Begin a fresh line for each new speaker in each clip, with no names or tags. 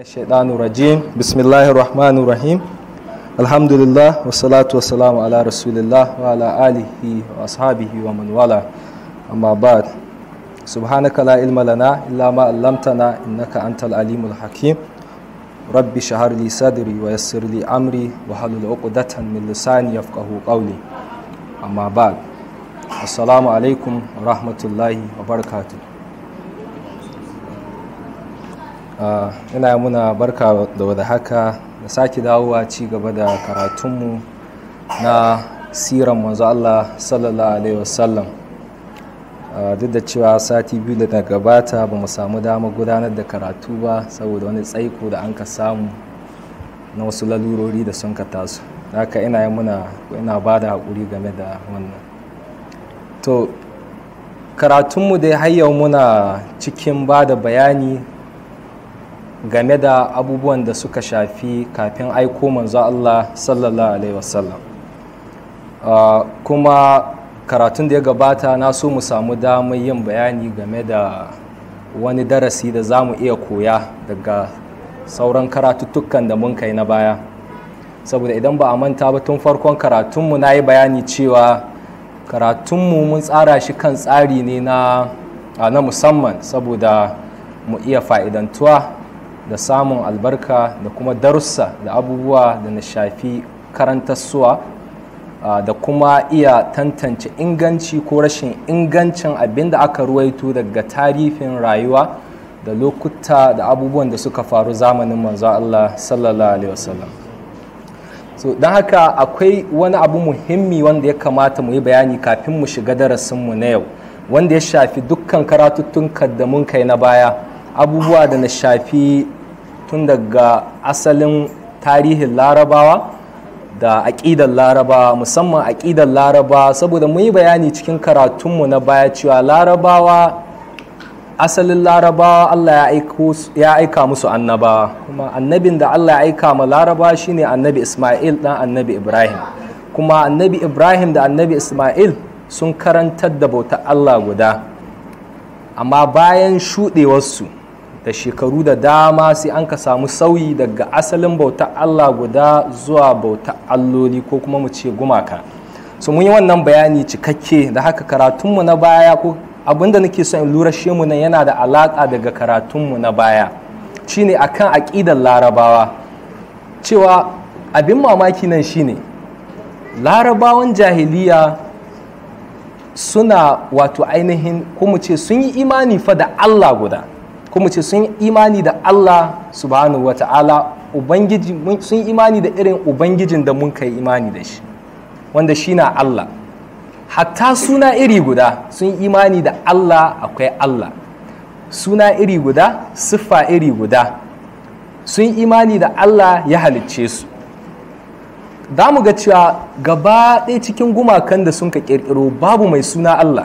Shaitanurajim, bismillahir rahmanir rahim alhamdulillah wassalatu wassalamu ala rasulillah wa alihi wa ashabihi wa man wala amma ba'd subhanaka la ilma lana illa ma 'allamtana innaka antal alimul hakim rabbi shahar li sadri wa yassir li amri wa halul 'uqdatan min lisani yafqahu qawli amma ba'd assalamu alaikum wa rahmatullahi wa barakatuh yana muna barka da wada haka da sake dawowa ci gaba da karatunmu na siran manzo Allah sallallahu alaihi wasallam duk da cewa sati biyu da gabata ba mu samu dama gudanar da karatu ba saboda wani tsaiko da an ka samu na wasu lalurori da sun ka taso haka ina yi muna ina ba da haƙuri game da wannan to karatunmu dai har yau muna cikin ba da bayani game da abubuwan da suka shafi kafin aiko manzo Allah sallallahu alaihi wasallam kuma karatun da ya gabata na so mu samu damar yin bayani game da wani darasi da za mu iya koya daga sauran karatuttukan da mun kai na baya saboda idan ba a manta ba tun farkon karatunmu na yi bayani cewa karatunmu mun tsara shi kan tsari ne na musamman saboda mu iya fa'idantuwa da samun albarka da kuma darussa da abubuwa da na shafi karantarsuwa da kuma iya tantance inganci ko rashin ingancin abin da aka ruwaito daga tarihin rayuwa da lokuta da abubuwan da suka faru zamanin manzo Allah sallallahu alaihi wasallam so don haka akwai wani abu muhimmi wanda ya kamata mu yi bayani kafin mu shiga darasin mu na yau wanda ya shafi dukkan karatuttun kaddamun kai na baya abubuwa da na shafi tun daga asalin tarihin larabawa da aƙidar laraba musamman aƙidar laraba saboda mun yi bayani cikin karatunmu na baya cewa larabawa asalin larabawa Allah ya aika musu annabawa kuma annabin da Allah ya aika ma laraba shine annabi Ismail dan annabi Ibrahim kuma annabi Ibrahim da annabi Ismail sun karantar da bauta Allah guda amma bayan shuɗewarsu da shekaru da dama sai an ka samu sauyi daga asalin bautar Allah guda zuwa bautar alloli ko kuma mu ce gumaka so mun yi wannan bayani cikakke da haka karatunmu na baya ko abinda nake son in lurashe mu nan yana da alaka daga karatunmu na baya shine akan aƙidar larabawa cewa abin mamaki nan shine larabawan jahiliya suna wato ainihin ko mu ce sun yi imani fa da Allah guda kuma ce sun imani da Allah subhanahu wa ta'ala ubangiji sun imani da irin ubangijin da mun kai imani da shi wanda shi na Allah hatta suna iri guda sun imani da Allah akwai Allah suna iri guda siffa iri guda sun imani da Allah ya halicce su za mu ga cewa gaba ɗaya cikin gumakan da sun ka ƙirƙiro babu mai suna Allah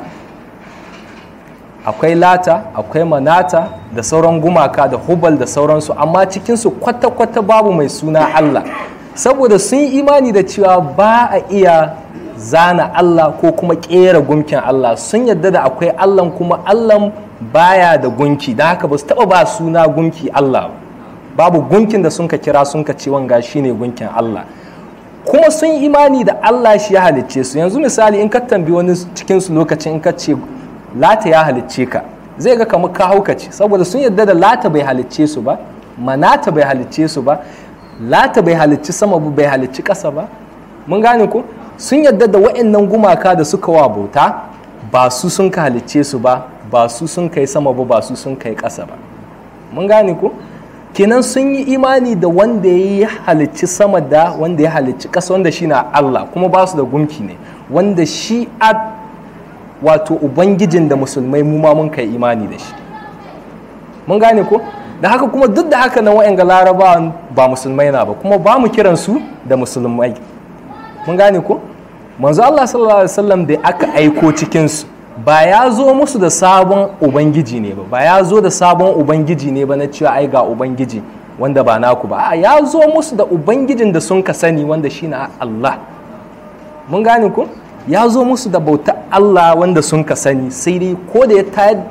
akwai lata akwai manata da sauran gumaka da hubal da sauransu amma cikinsu kwata-kwata babu mai suna Allah saboda sun yi imani da cewa ba a iya zana Allah ko kuma kera gunkin Allah sun yadda da akwai Allah kuma Allah baya da gunki don haka ba su taba ba suna gunki Allah babu gunkin da sun ka kira sun ka ce wanga shine gunkin Allah kuma sun yi imani da Allah shi ya halicce su yanzu misali in ka tambi wani cikinsu lokacin in ka ce lata ya halicce ka zai ga kamar ka haukace saboda sun yarda da lata bai halicce su ba manata bai halicce su ba lata bai halicci sama ba bai halicci ƙasa ba mun gane ko sun yarda da wa'annan gumaka da suka wa bauta ba su sun ka halicce su ba ba su sun kai sama ba ba su sun kai ƙasa ba mun gane ko kenan sun yi imani da wanda ya halicci sama da wanda ya halicci ƙasa wanda shi na Allah kuma ba su da gunki ne wanda shi a wato ubangijin da musulmai mu ma mun kai imani da shi mun gane ko da haka kuma duk da haka na ga larabawan ba musulmai na ba kuma ba mu kiransu da musulmai mun gane ko manzo Allah sallallahu alaihi wasallam da aka aiko cikinsu ba ya zo musu da sabon ubangiji ne ba ba ya zo da sabon ubangiji ne ba na cewa ai ga ubangiji wanda ba naku ba a ya zo musu da ubangijin da sun ka sani wanda shi na Allah mun gane ku ya zo musu da bauta Allah wanda sun ka sani sai dai ko da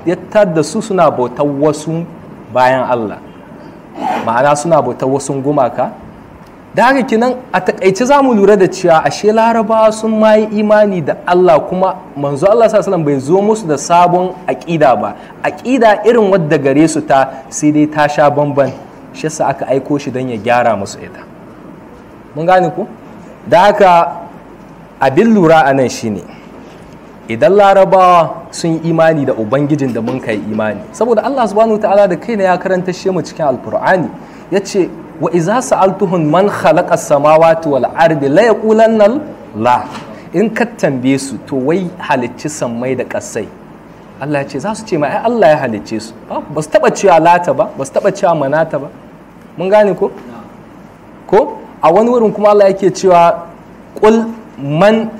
ya tar da su suna bautar wasu bayan Allah ma'ana suna bautar wasu gumaka da haka kinan a takaice za mu lura da cewa ashe larabawa sun ma yi imani da Allah kuma manzo Allah sallallahu bai zo musu da sabon aƙida ba aƙida irin wadda gare su ta sai dai ta sha bamban shi aka aiko shi don ya gyara musu ita mun gane ku da haka abin lura a nan shine idan larabawa sun imani da ubangijin da mun kai imani saboda allah subhanahu ta'ala da kaina ya karanta shi mu cikin alkur'ani ya ce wa iza sa'altuhun man khalaqa samawati wal ardi la yaqulanna la in ka tambaye su to wai halicci sammai da kasai Allah ya ce za su ce ma ai Allah ya halicce su ba su taba cewa lata ba ba su taba cewa manata ba mun gane ko ko a wani wurin kuma Allah yake cewa kul. man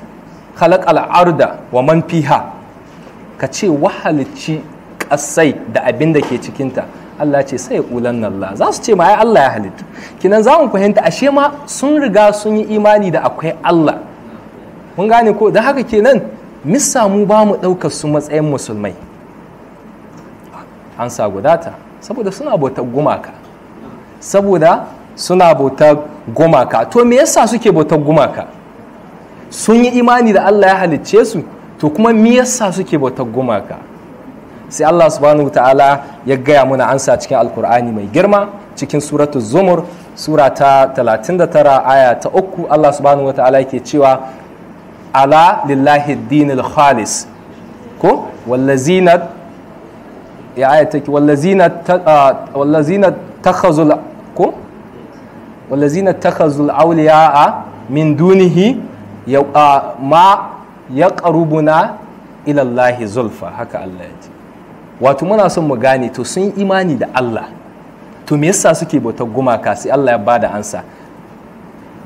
khalaq al'arda wa man fiha ka ce wahalicci kasai da abin da ke cikinta Allah ce sai ulan Allah za su ce ma ai Allah ya halittu kinan za mu fahimta ashe ma sun riga sun yi imani da akwai Allah mun gane ko da haka kenan misa mu ba mu ɗaukar su matsayin musulmai an sa gudata saboda suna bautar gumaka saboda suna bautar gumaka to me yasa suke bautar gumaka sun yi imani da Allah ya halicce su to kuma me yasa suke bauta gumaka sai Allah subhanahu ta'ala ya gaya muna ansa cikin alkur'ani mai girma cikin suratul zumur sura ta 39 aya ta 3 Allah subhanahu ta'ala yake cewa ala lillahi dinil khalis ko wallazina ya aya take wallazina wallazina takhazul ko wallazina takhazul awliya'a min dunihi ma ya ƙarubuna ilallahi zulfa haka Allah ya ce wato muna son mu gane to sun imani da Allah to me yasa suke bauta gumaka sai Allah ya bada ansa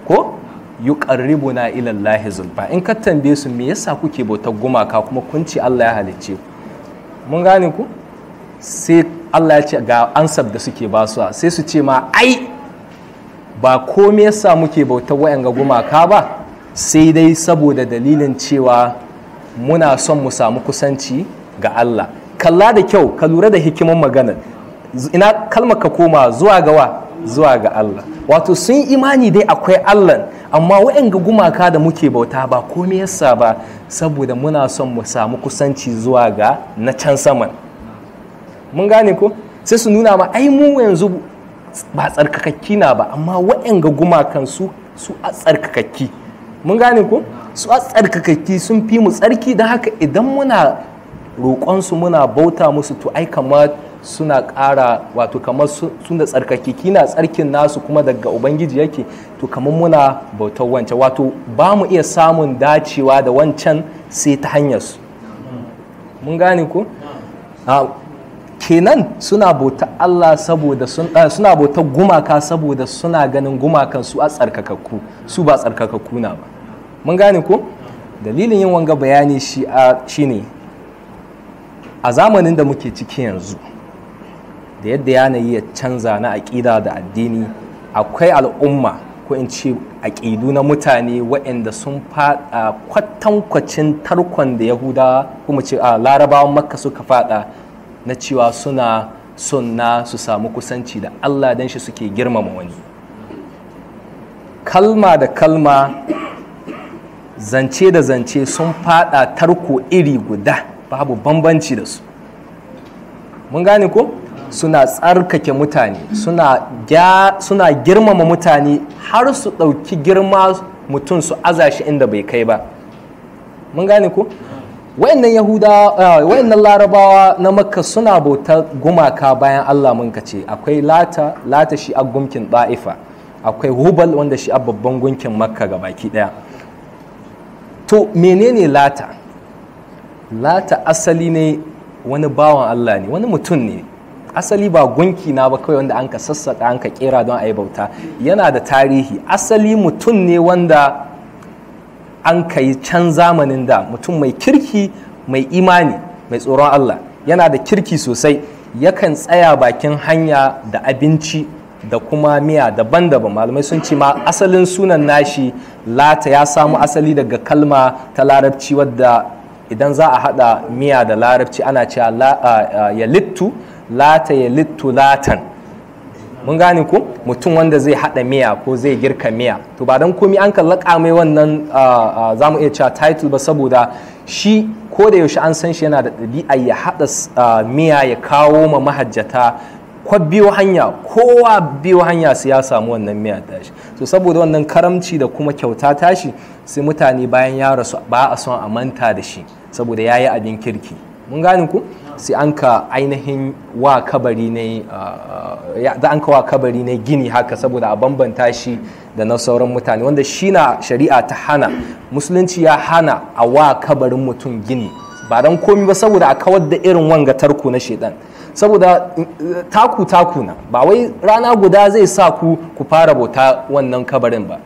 ko yuqarribuna ilallahi zulfa in ka tambaye su me yasa kuke bauta gumaka kuma kun ce Allah ya halicce ku mun gane ku sai Allah ya ce ga ansar da suke su sai su ce ma ai ba me yasa muke bauta wayan gumaka ba sai dai saboda dalilin cewa muna son mu samu kusanci ga Allah kalla da kyau ka lura da hikiman maganar ina kalmar ka koma zuwa ga wa zuwa ga Allah wato sun yi imani dai akwai Allah amma waɗanga gumaka da muke bauta ba komai yasa ba saboda muna son mu samu kusanci zuwa ga na can saman mun gane ko sai su nuna ma ai mu yanzu ba tsarkakakki na ba amma waɗanga gumakan su su a tsarkakakki mun gane ku su a tsarkakakki sun fi mu tsarki da haka idan muna roƙonsu muna bauta musu to ai kamar suna ƙara wato kamar suna tsarkakki na tsarkin nasu kuma daga ubangiji yake to kamar muna bautar wancan wato ba mu iya samun dacewa da wancan sai ta hanyarsu mun gane ku. kenan suna bauta Allah saboda eh, suna bauta gumaka saboda suna ganin gumakan su a tsarkakakku su ba tsarkakakku na ba mun gane ko dalilin yin wanga bayani shi a shine a zamanin da muke ciki yanzu da yadda yanayi ya canza na aƙida da addini akwai al'umma ko in ce aƙidu na mutane waɗanda sun faɗa kwatankwacin tarkon da yahudawa kuma ce a larabawan makka suka faɗa na cewa suna sunna su samu kusanci da Allah dan shi suke girmama wani kalma da kalma zance da zance sun fada tarko iri guda babu bambanci da su mun gane ko suna tsarkake mutane suna girmama mutane har su ɗauki girma mutum su aza shi inda bai kai ba mun gane ko wayannan yahuda ah, wayannan larabawa na makka suna bautar gumaka bayan allah mun ce akwai lata lata shi a gumkin da'ifa akwai hubal wanda shi a babban gunkin makka ga baki daya to menene lata lata asali ne wani bawan allah ne wani mutum ne asali ba gunki na ba kawai wanda an ka sassaka an ka kera don a yi bauta yana da tarihi asali mutum ne wanda an kai can zamanin da mutum mai kirki mai imani mai tsoron Allah yana da kirki sosai yakan tsaya bakin hanya da abinci da kuma miya daban-daban malamai sun ce ma asalin sunan nashi lata ya samu asali daga kalma ta larabci wadda idan za a hada miya da larabci ana cewa ya littu lata ya littu latan mun gane ku mutum wanda zai haɗa miya ko zai girka miya to ba don komi an kallaka mai wannan uh, uh, za mu iya cewa title ba saboda shi ko da yaushe an san shi yana da ɗabi'a ya haɗa uh, miya ya kawo ma mahajjata kwa biyu hanya kowa biyu hanya su ya samu wannan miya tashi to saboda wannan karamci da kuma kyauta tashi sai mutane bayan ya rasu ba a son a manta da shi saboda ya yi abin kirki mun gane ku sai an ka ainihin wa kabari ne da an kawa kabari ne gini haka saboda a bambanta shi da na sauran mutane wanda shi na shari'a ta hana musulunci ya hana a wa kabarin mutum gini ba don komi ba saboda a kawar da irin wanga tarko na shaidan saboda taku taku na ba wai rana guda zai sa ku ku fara bauta wannan kabarin ba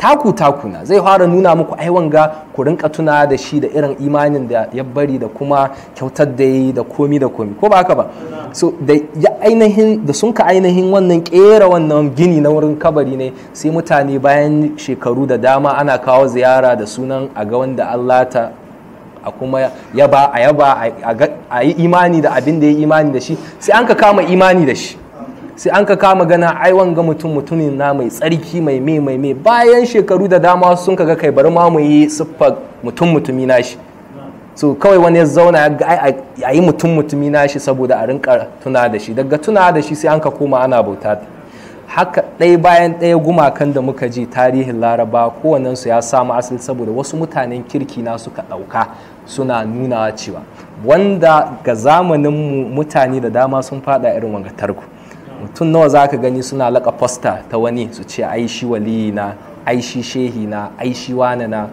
taku taku na zai fara nuna muku ai wanga ku rinka tuna da shi da irin imanin da ya bari da kuma kyautar da yi da komi da komi ko ba haka ba so da ya ainihin da sun ka ainihin wannan kera wannan gini na wurin kabari ne sai mutane bayan shekaru da dama ana kawo ziyara da sunan a ga wanda Allah ta a kuma yaba a yaba a yi imani da abin da ya imani da shi sai an ka kama imani da shi sai an ka kama gana ai wanga mutum mutumin na mai tsarki mai me mai me bayan shekaru da dama sun kaga kai bari ma mu yi siffa mutum mutumi nashi so kawai wani ya zauna a yi mutum mutumi nashi saboda a rinka tuna da shi daga tuna da shi sai an ka koma ana bauta haka ɗaya bayan ɗaya gumakan da muka ji tarihin laraba su ya samu asali saboda wasu mutanen kirki na suka ɗauka suna nuna cewa wanda ga zamaninmu mutane da dama sun fada irin wanga tarko mutum nawa za ka gani suna laka fosta ta wani su ce ai shi waliyi na ai shi shehi na ai shi wane na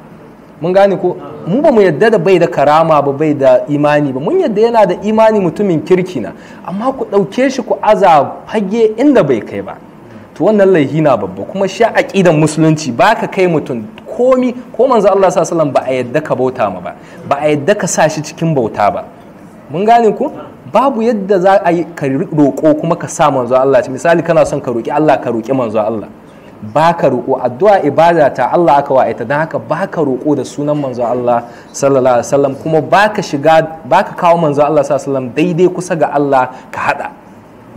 mun gane ko mu ba mu yadda da bai da karama ba bai da imani ba mun yadda yana da imani mutumin kirki na amma ku ɗauke shi ku aza fage inda bai kai ba to wannan laihi na babba kuma a ƙidan musulunci ka kai mutum komi ko manzo Allah sallallahu alaihi wasallam ba a yadda ka bauta ma ba ba a yadda ka sa shi cikin bauta ba mun gane ku babu yadda za a yi ka roƙo kuma ka sa manzo Allah ci misali kana son ka roƙi Allah ka roƙi manzo Allah ba ka roƙo addu'a ibada ta Allah aka ita dan haka ba ka roƙo da sunan manzo Allah sallallahu alaihi wasallam kuma ba ka shiga ba ka kawo manzo Allah sallallahu alaihi wasallam daidai kusa ga Allah ka hada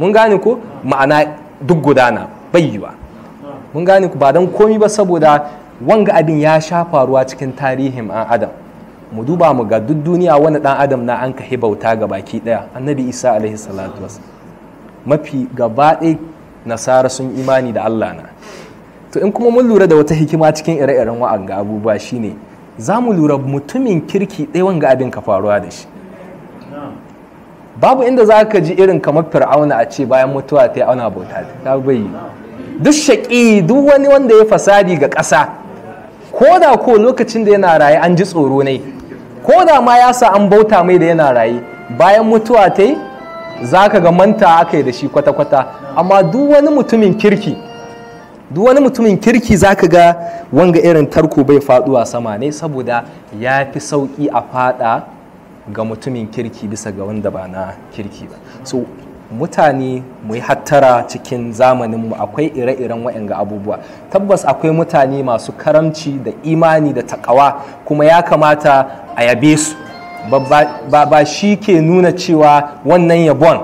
mun gane ko ma'ana duk gudana bayyuwa mun gane ku ba dan komi ba saboda wanga abin ya sha faruwa cikin tarihin an adam mu duba mu ga duk duniya wani dan adam na an kahi bauta ga baki daya annabi isa alaihi salatu mafi gaba nasara sun imani da allah na to in kuma mun lura da wata hikima cikin ire-iren ga abubuwa shine za mu lura mutumin kirki ɗaya wanga abin ka faruwa da shi babu inda za ka ji irin kamar fir'auna a ce bayan mutuwa ta auna bauta ta bai duk shaƙi duk wani wanda ya fasadi ga ƙasa ko da ko lokacin da yana raye an ji tsoro ne ko da ma ya sa an bauta mai da yana raye bayan mutuwa ta yi za ka ga manta aka yi da shi kwata-kwata amma duk wani mutumin kirki duk wani mutumin kirki za ka ga wanga irin tarko bai faɗuwa sama ne saboda ya fi sauki a fada ga mutumin kirki bisa ga wanda ba na kirki ba so mutane mu yi hattara cikin zamaninmu akwai ire-iren waɗanda abubuwa tabbas akwai mutane masu karamci da imani da takawa kuma ya kamata a yabe su ba shi ke nuna cewa wannan yabon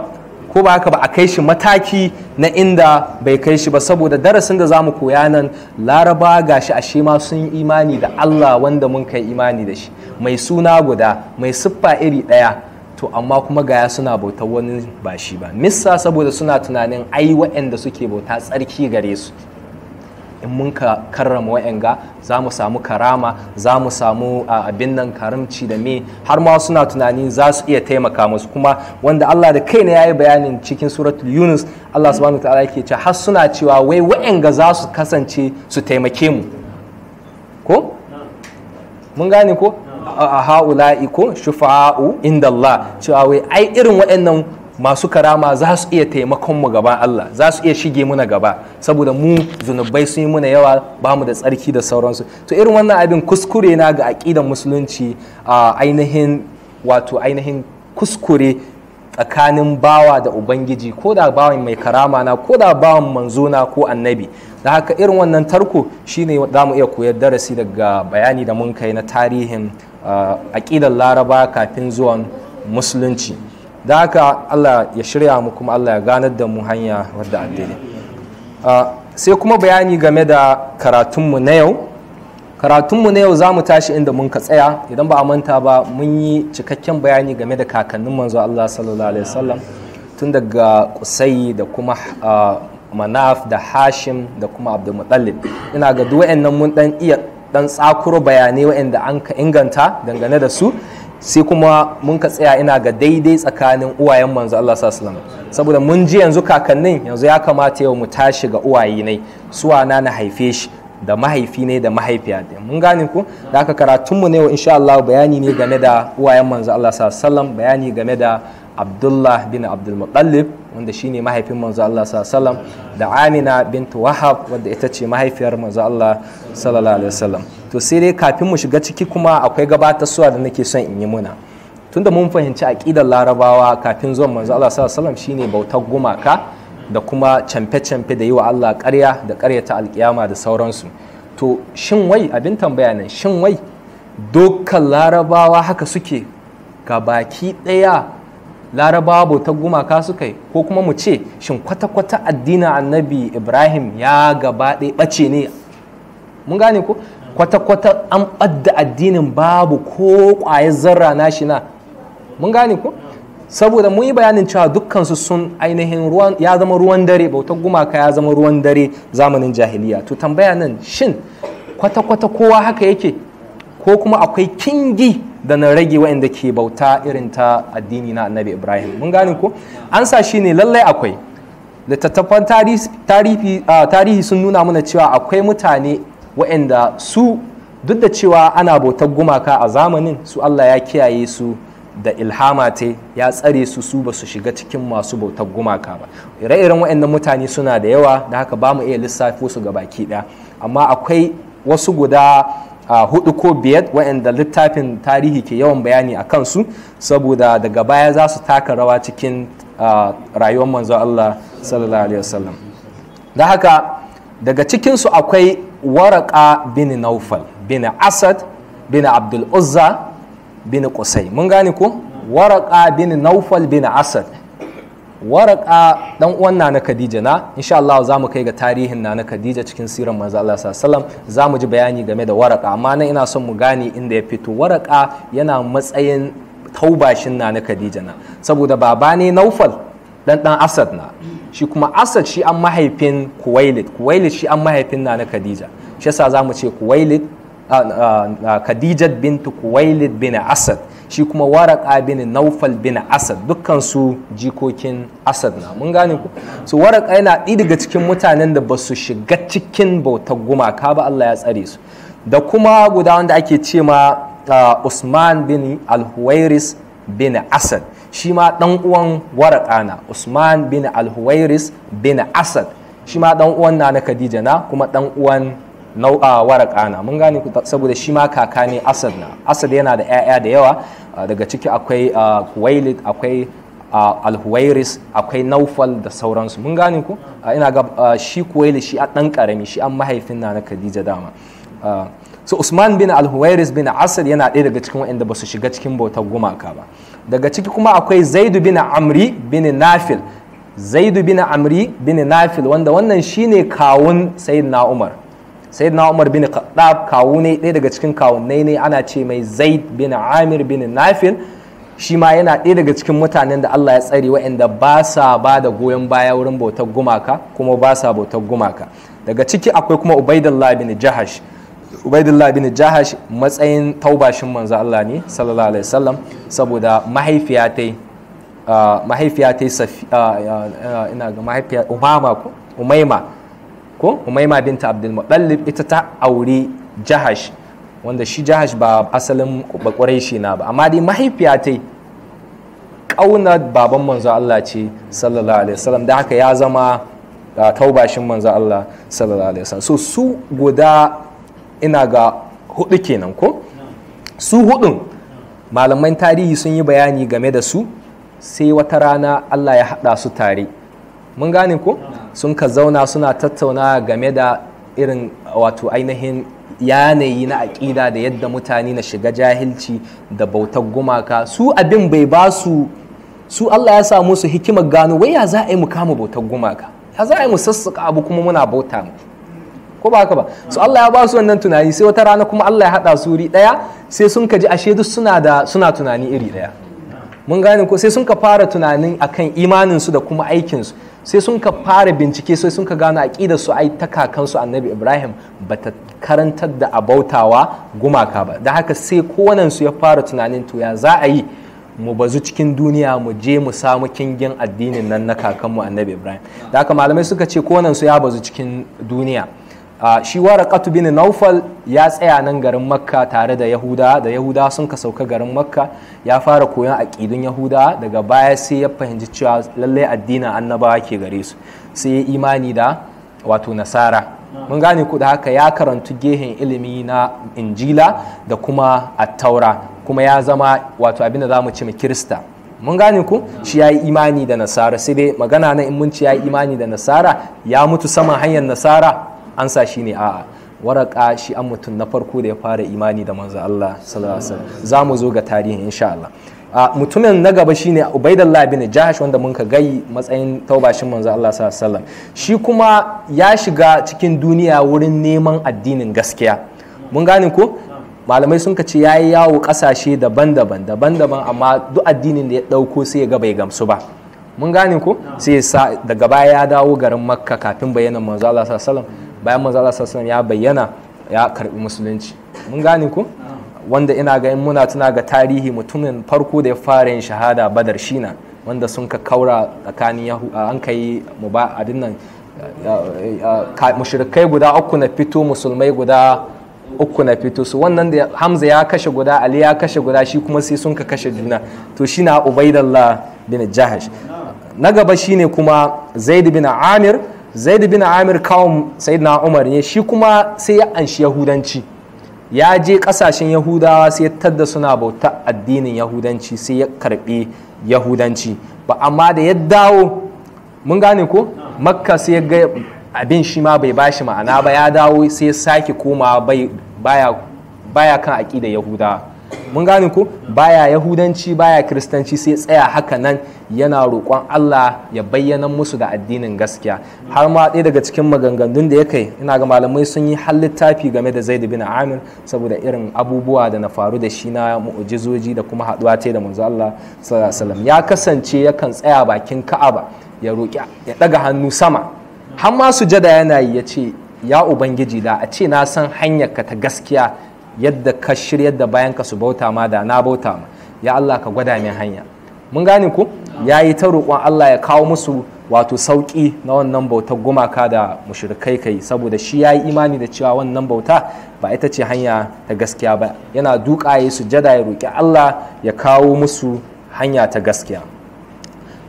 ko ba haka ba a kai shi mataki na inda bai kai shi ba saboda darasin da za mu koya nan laraba ga shi, ashe ma sun yi imani da allah wanda mun kai imani da shi mai suna guda mai siffa iri ɗaya to amma kuma gaya suna bautar wani ba shi ba missa saboda suna tunanin ai waɗanda suke bauta tsarki gare su in mun ka karrama wa'yanga za mu samu karama za mu samu abin nan karamci da me har ma suna tunani za su iya taimaka musu kuma wanda Allah da kai kaina yayi bayanin cikin suratul Yunus Allah subhanahu ta'ala yake cewa har suna cewa wai wa'yanga za su kasance su taimake mu ko mun gane ko ha'ula'i ko shufa'u inda Allah cewa wai ai irin waɗannan masu karama za su iya taimakon mu gaba Allah za su iya shige muna gaba saboda mu zunubai sun yi muna yawa ba mu da tsarki da sauransu to irin wannan abin kuskure na ga aƙidan musulunci a ainihin wato ainihin kuskure tsakanin bawa da ubangiji ko da bawan mai karama na ko da bawan na ko annabi da haka irin wannan tarko shine za mu iya koyar darasi daga bayani da mun kai na tarihin aƙidar laraba kafin zuwan musulunci da haka allah ya shirya mu kuma allah ya ganar da mu hanya wadda addini sai kuma bayani game da karatunmu na yau karatunmu na yau za mu tashi inda mun ka tsaya idan ba a manta ba mun yi cikakken bayani game da kakannin manzo allah sallallahu alaihi wasallam tun daga kusai da kuma manaf da hashim da kuma abdulmutallib ina ga duwa'in nan mun dan iya dan tsakuro bayanai waɗanda an ka inganta dangane da su sai kuma mun ka tsaya ina ga daidai tsakanin uwayen manzo Allah sallallahu saboda mun ji yanzu kakannin yanzu ya kamata yau mu tashi ga uwaye ne suwa na na haife shi da mahaifi ne da mahaifiya ne mun gane ku da aka karatunmu ne wa insha Allah bayani ne game da uwayen manzo Allah sallallahu bayani game da abdullah bin abdulmutallib wanda shine mahaifin manzo Allah sallallahu da amina bint wahab wanda ita ce mahaifiyar manzo Allah sallallahu alaihi wasallam to sai dai kafin mu shiga ciki kuma akwai gabatar suwa da nake son in yi muna tunda mun fahimci aqidar larabawa kafin zuwan manzo Allah sallallahu alaihi wasallam shine bautar gumaka da kuma camfe-camfe da yi wa Allah ƙarya da ta alƙiyama da sauransu to shin wai abin tambaya nan shin wai dukkan larabawa haka suke ga baki ɗaya larabawa bautar gumaka suka ko kuma mu ce shin kwata-kwata addinin annabi ibrahim ya gaba ɗaya ɓace ne mun gane ko kwata-kwata an ɓadda addinin babu ko ƙwayar zarra na shi na mun gane ko saboda mun yi bayanin cewa dukkansu sun ainihin ruwan ya zama ruwan dare bautar gumaka ya zama ruwan dare zamanin jahiliya to tambaya nan shin kwata-kwata kowa haka yake ko kuma akwai kingi da na rage waɗanda ke bauta irin ta addini na annabi ibrahim mun gane ko an sa shi ne lallai akwai littattafan tarihi sun nuna mana cewa akwai mutane waɗanda su duk da cewa ana bautar gumaka a zamanin su allah ya kiyaye su da ilhama te ya tsare su su ba su shiga cikin masu bautar gumaka ba ire-iren waɗannan mutane suna da yawa da haka ba mu iya lissafo su ga baki ɗaya amma akwai wasu guda A hudu ko biyar waɗanda littafin tarihi ke yawan bayani a kansu saboda daga baya za su taka rawa cikin rayuwar manzo Allah sallallahu alaihi wasallam da haka daga cikinsu akwai waraka bin naufal bin asad bin abdul uzza bin qusay mun gane ko waraka bin naufal bin asad waraka dan uwan nana Khadija na insha Allah za mu kai ga tarihin nana Khadija cikin sirar manzo Allah sallallahu alaihi za mu ji bayani game da waraka amma nan ina son mu gane inda ya fito waraka yana matsayin taubashin nana Khadija na saboda baba ne Naufal dan dan Asad na shi kuma Asad shi an mahaifin Kuwailid Kuwailid shi an mahaifin nana Khadija shi yasa za mu ce Kuwailid Khadijat bint Kuwailid bin Asad shi kuma waraka bin naufal bin asad dukkan jikokin asad na mun gane ku so waraka yana ɗi daga cikin mutanen da ba su shiga cikin bautar gumaka ba Allah ya tsare su da kuma guda wanda ake ce ma ah, usman bin alhuwairis bin asad shi ma ɗan uwan waraka na usman bin alhuwairis bin asad shi ma ɗan uwan na na khadija na kuma ɗan uwan nau'a waraka na mun gane saboda shi ma kaka ne asad na asad yana da 'ya'ya da yawa ah, daga ciki akwai kuwailit ah, akwai ah, alhuwairis akwai naufal da sauransu mun gane ku ina ga shi kuwailit shi a ɗan ƙarami shi an mahaifin na na khadija dama so usman bin alhuwairis bin asad yana ɗaya daga cikin waɗanda ba su shiga cikin bautar gumaka ba daga ciki kuma akwai zaidu bin amri bin nafil zaidu bin amri bin nafil wanda wannan shine kawun sayyidina umar na umar bin kaɗab kawu ne ɗaya daga cikin kawunnai ne ana ce mai zaid bin amir bin nafil shi ma yana ɗaya daga cikin mutanen da Allah ya tsari waɗanda ba sa ba da goyon baya wurin bautar gumaka kuma ba sa bautar gumaka daga ciki akwai kuma ubaidullah bin jahash ubaidullah bin jahash matsayin taubashin manzo Allah ne sallallahu alaihi wasallam saboda mahaifiya ta umama umaima ko umaima binta abdul muttalib ita ta aure jahash wanda shi jahash ba asalin bakwarai shi na ba amma dai mahaifiya ta kauna baban manzo Allah ce sallallahu alaihi wasallam da haka ya zama taubashin manzo Allah sallallahu alaihi wasallam so su guda ina ga hudu kenan ko su hudun malaman tarihi sun yi bayani game da su sai wata rana Allah ya hada su tare mun gane ko sun ka zauna suna tattauna game da irin wato ainihin yanayi na aƙida da yadda mutane na shiga jahilci da bautar gumaka su abin bai ba su su Allah ya sa musu hikimar gano wai ya za a yi mu kama bautar gumaka ya za a yi mu sassaƙa abu kuma muna bauta mu ko ba haka ba su Allah ya ba su wannan tunani sai wata rana kuma Allah ya haɗa su wuri ɗaya sai sun ka ji ashe duk suna suna tunani iri ɗaya mun gane ko sai sun ka fara tunanin akan imaninsu da kuma aikinsu sai sun ka fara bincike sai sun ka gano aƙidar su ai ta kakansu annabi ibrahim bata karantar da abautawa gumaka ba da haka sai kowanensu ya fara tunanin to ya za a yi mu bazu cikin duniya mu je mu samu kingin addinin nan na kakanmu annabi ibrahim da haka malamai suka ce kowanensu ya bazu cikin duniya shi waraqatu bin naufal ya tsaya nan garin makka tare da yahuda da yahuda sun ka sauka garin makka ya fara koyon aƙidun yahuda daga baya sai ya fahimci cewa lallai addinin annabawa ke gare su sai ya imani da wato nasara mun gane ku da haka ya karantu gehen ilimi na injila da kuma attaura kuma ya zama wato abin da za mu ci mu kirista mun gane ku shi ya yi imani da nasara sai dai magana na in mun ci ya yi imani da nasara ya mutu saman hanyar nasara ansa shi ne a'a waraka shi an mutum na farko da ya fara imani da manzo Allah za mu zo ga tarihin insha Allah mutumin na gaba shine Ubaidullah bin Jahash wanda mun ka gai matsayin taubashin manzo Allah sallallahu shi kuma ya shiga cikin duniya wurin neman addinin gaskiya mun gane ko malamai sun ce ya yi yawo kasashe daban-daban daban-daban amma duk addinin da ya ɗauko sai ya ga bai gamsu ba mun gane ko sai ya sa daga baya ya dawo garin makka kafin bayyana manzo Allah sallallahu alaihi wasallam bayan manzo Allah sallallahu ya bayyana ya karbi musulunci mun gane ku wanda ina ga in muna tuna ga tarihi mutumin farko da ya fara yin shahada badar shina wanda sun ka kaura tsakanin an kai mu ba abin nan mushrikai guda uku na fito musulmai guda uku na fito su wannan da hamza ya kashe guda ali ya kashe guda shi kuma sai sun ka kashe juna to shi na ubaidallah bin jahash na gaba shine kuma zaid bin amir zaid bin amir kawun sayyidina umar ne shi kuma sai ya anshi yahudanci ya je kasashen yahudawa sai ya tadda suna bauta addinin yahudanci sai ya karbi yahudanci ba amma da ya dawo mun gane ko makka sai ya ga abin shi ma bai bashi ma'ana ba ya dawo sai ya sake komawa baya kan da yahudawa mun gane ko baya yahudanci baya kiristanci sai tsaya haka nan yana roƙon Allah ya bayyana musu da addinin gaskiya har ma ɗaya daga cikin maganganun da ya kai ina ga malamai sun yi har littafi game da zaidu bin Amir saboda irin abubuwa da na faru da shi na mu'jizoji da kuma haɗuwa ta da manzo Allah sallallahu alaihi ya kasance yakan tsaya bakin Ka'aba ya roƙi ya ɗaga hannu sama har ma sujada yana yi ya ce ya ubangiji da a ce na san hanyar ka ta gaskiya yadda ka shiryar da bayan ka su bauta ma da na bauta ma ya Allah ka gwada min hanya mun gane ku ya yi ta roƙon Allah ya kawo musu wato sauƙi na wannan bautar gumaka da mushrikai kai saboda shi ya yi imani da cewa wannan bauta ba ita ce hanya ta gaskiya ba yana duka ya sujada ya roƙi Allah ya kawo musu hanya ta gaskiya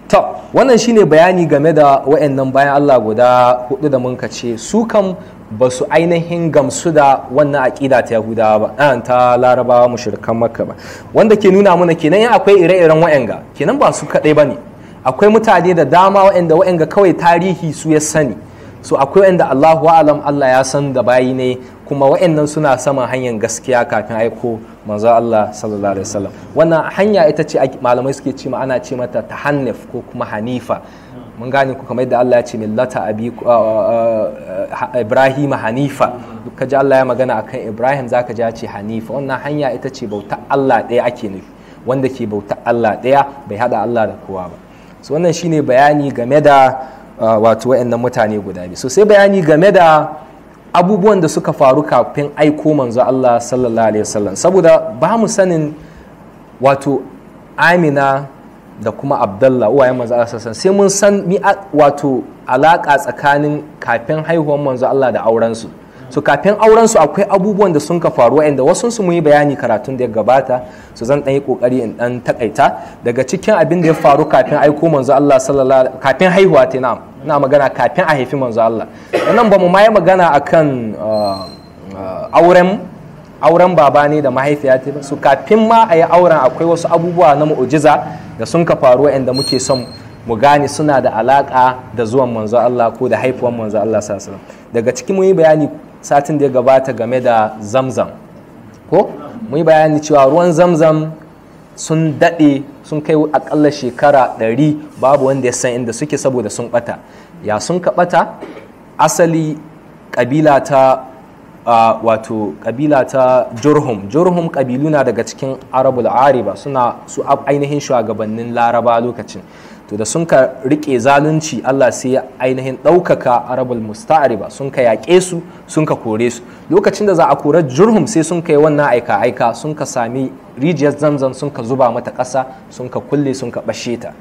to wannan shine bayani game da wa'annan bayan Allah guda hudu da mun ce su kan. ba su ainihin gamsu da wannan aƙida ta yahudawa ba ah, ta larabawa mushrikan maka ba wanda ke nuna mana kenan ya akwai ire-iren wa'anga kenan ba su kaɗai ba ne akwai mutane da dama wa'anda wa'anga kawai tarihi su ya sani so akwai wa'anda allahu alam allah ya san da bayi ne kuma wa'annan suna saman hanyar gaskiya kafin aiko manzo allah sallallahu alaihi wasallam wannan hanya ita ce malamai suke ce ana ce mata tahannif ko kuma hanifa mun gane ku kamar yadda Allah ya ce millata abi uh, uh, uh, Ibrahim Hanifa ka ji Allah ya magana akan Ibrahim zaka ji ce Hanifa wannan hanya ita ce bauta Allah ɗaya ake nufi wanda ke bauta Allah ɗaya bai hada Allah da kowa ba so wannan shine bayani game da wato wayannan mutane guda biyu so sai bayani game da abubuwan da suka faru kafin aiko manzo Allah sallallahu alaihi wasallam saboda ba mu sanin wato Amina da kuma abdallah uwayen manzo Allah sassan sai mun san mi wato alaka tsakanin kafin haihuwar manzo Allah da aurensu so kafin aurensu akwai abubuwan da sun ka faru inda wasu su yi bayani karatun da ya gabata su zan dan yi kokari in dan takaita daga cikin abin da ya faru kafin aiko manzo Allah sallallahu kafin haihuwa ta na ina magana kafin a haifi manzo Allah nan ba mu ma yi magana akan ah, ah, auren auren baba ne da mahaifiya ta su kafin ma a yi auren akwai wasu abubuwa na mu'ujiza da sun ka faru inda muke son mu gane suna da alaka da zuwan manzo Allah ko da haifuwan manzo Allah sallallahu alaihi daga cikin muyi bayani satin da ya gabata game da zamzam ko muyi bayani cewa ruwan zamzam sun dade sun kai akalla shekara 100 babu wanda ya san inda suke saboda sun ɓata ya sun ka bata asali kabila ta uh, wato kabila ta jurhum jurhum kabilu na daga cikin arabul ariba suna su ainihin shugabannin laraba lokacin to da sun ka rike zalunci Allah sai ainihin ɗaukaka arabul musta'ariba sun ka yaƙe su sun ka kore su lokacin da za a kore jurhum sai sun ka yi wannan aika aika sun ka sami rijiyar zamzam sun ka zuba mata ƙasa sun ka kulle sun ka ɓashe ta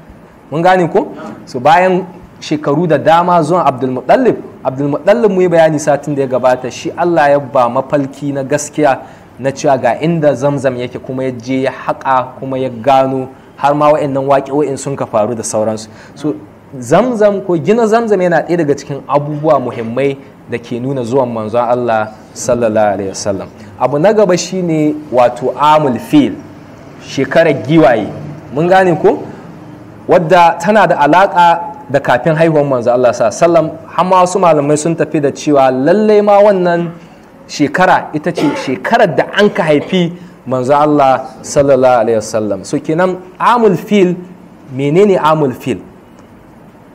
mun gane ko su bayan shekaru da dama zuwan abdulmutallib abdulmutallib mu yi bayani satin da ya gabata shi allah ya ba mafalki na gaskiya na cewa ga inda zamzam yake kuma ya je ya haƙa kuma ya gano har ma wa'annan waƙe sun ka faru da sauransu so zamzam ko gina zamzam yana ɗaya daga cikin abubuwa muhimmai da ke nuna zuwan manzon allah sallallahu alaihi wasallam abu na gaba shine wato amul fil shekarar giwaye mun gane ko wadda tana da alaƙa da kafin haihuwar manzo Allah sa sallam amma wasu malamai sun tafi da cewa lalle ma wannan shekara ita ce shekarar da an ka haifi manzo Allah sallallahu alaihi wasallam so kenan amul fil menene amul fil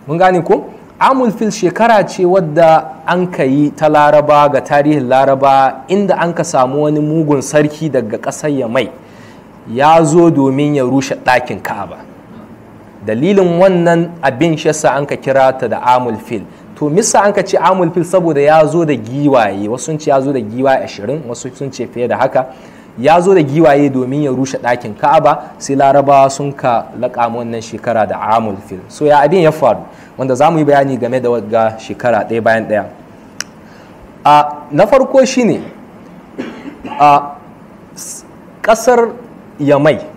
mun gane ko amul fil shekara ce wadda an ka yi ta laraba ga tarihin laraba inda an ka samu wani mugun sarki daga ƙasar ya mai ya zo domin ya rushe ɗakin ka'aba dalilin wannan abin shi yasa an ka kira ta da amul fil to misa an ka ce amul fil saboda ya zo da giwaye wasu sun ce ya zo da giwaye ashirin wasu sun ce fiye da haka ya zo da giwaye domin ya rushe ɗakin ka'aba sai larabawa sun ka laƙa wannan shekara da amul fil so ya abin ya faru wanda za mu yi bayani game da ga shekara ɗaya bayan ɗaya a na farko shine a ƙasar yamai